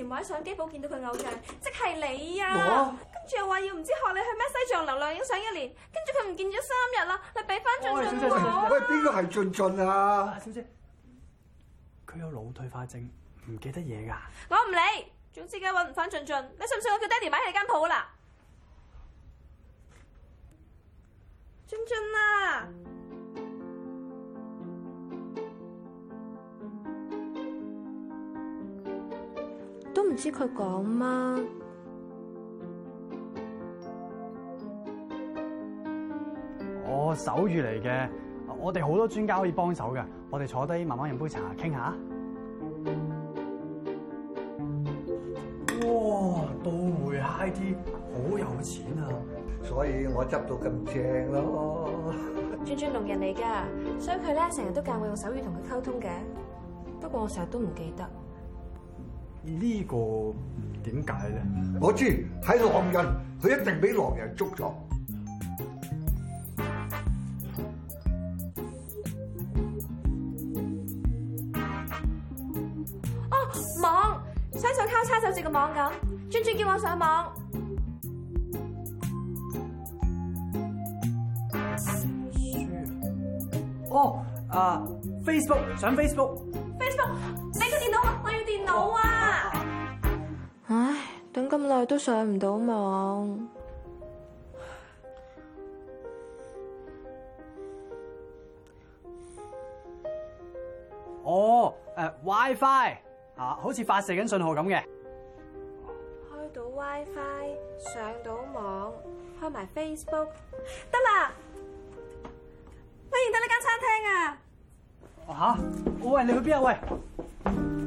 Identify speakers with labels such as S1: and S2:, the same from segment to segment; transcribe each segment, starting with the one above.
S1: 前晚喺相機鋪見到佢偶像，即係你呀、啊！啊、跟住又話要唔知學你去咩西藏流浪影相一年，跟住佢唔見咗三日啦！你俾翻俊俊我。喂，小姐，啊、喂，邊個係俊俊啊？小姐，佢有腦退化症，唔記得嘢噶。我唔理，總之嘅搵唔翻俊俊，你信唔信？我叫爹哋買起間鋪啦。俊俊啊！唔知佢講乜？我手語嚟嘅，我哋好多專家可以幫手嘅。我哋坐低慢慢飲杯茶傾下。哇，都會嗨啲，好有錢啊！所以我執到咁正咯。專專聾人嚟噶，所以佢呢成日都教我用手語同佢溝通嘅。不過我成日都唔記得。呢、這個點解咧？我知喺狼人，佢一定俾狼人捉咗。哦，網雙手交叉就似個網咁，俊俊叫我上網。哦，啊，Facebook 上 Facebook。都上唔到網。哦，誒，WiFi 啊，好似發射緊信號咁嘅。開到 WiFi，上到網，開埋 Facebook，得啦。我認得呢間餐廳啊。我吓，喂，你去邊啊？喂。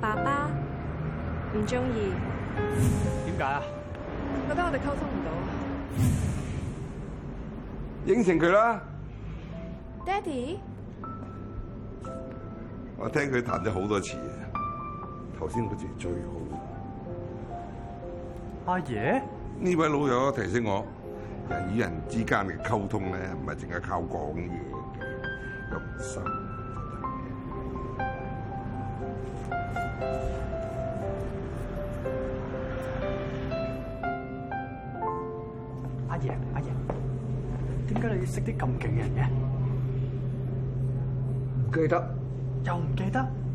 S1: 爸爸唔中意，點解啊？我覺得我哋溝通唔到，應承佢啦。Daddy，我聽佢彈咗好多次，頭先嗰段最好。阿爺，呢位老友提醒我，人與人之間嘅溝通咧，唔係淨係靠講嘢嘅。阿爺，阿爺，點解你要識啲咁勁嘅人嘅？唔記得，又唔記得。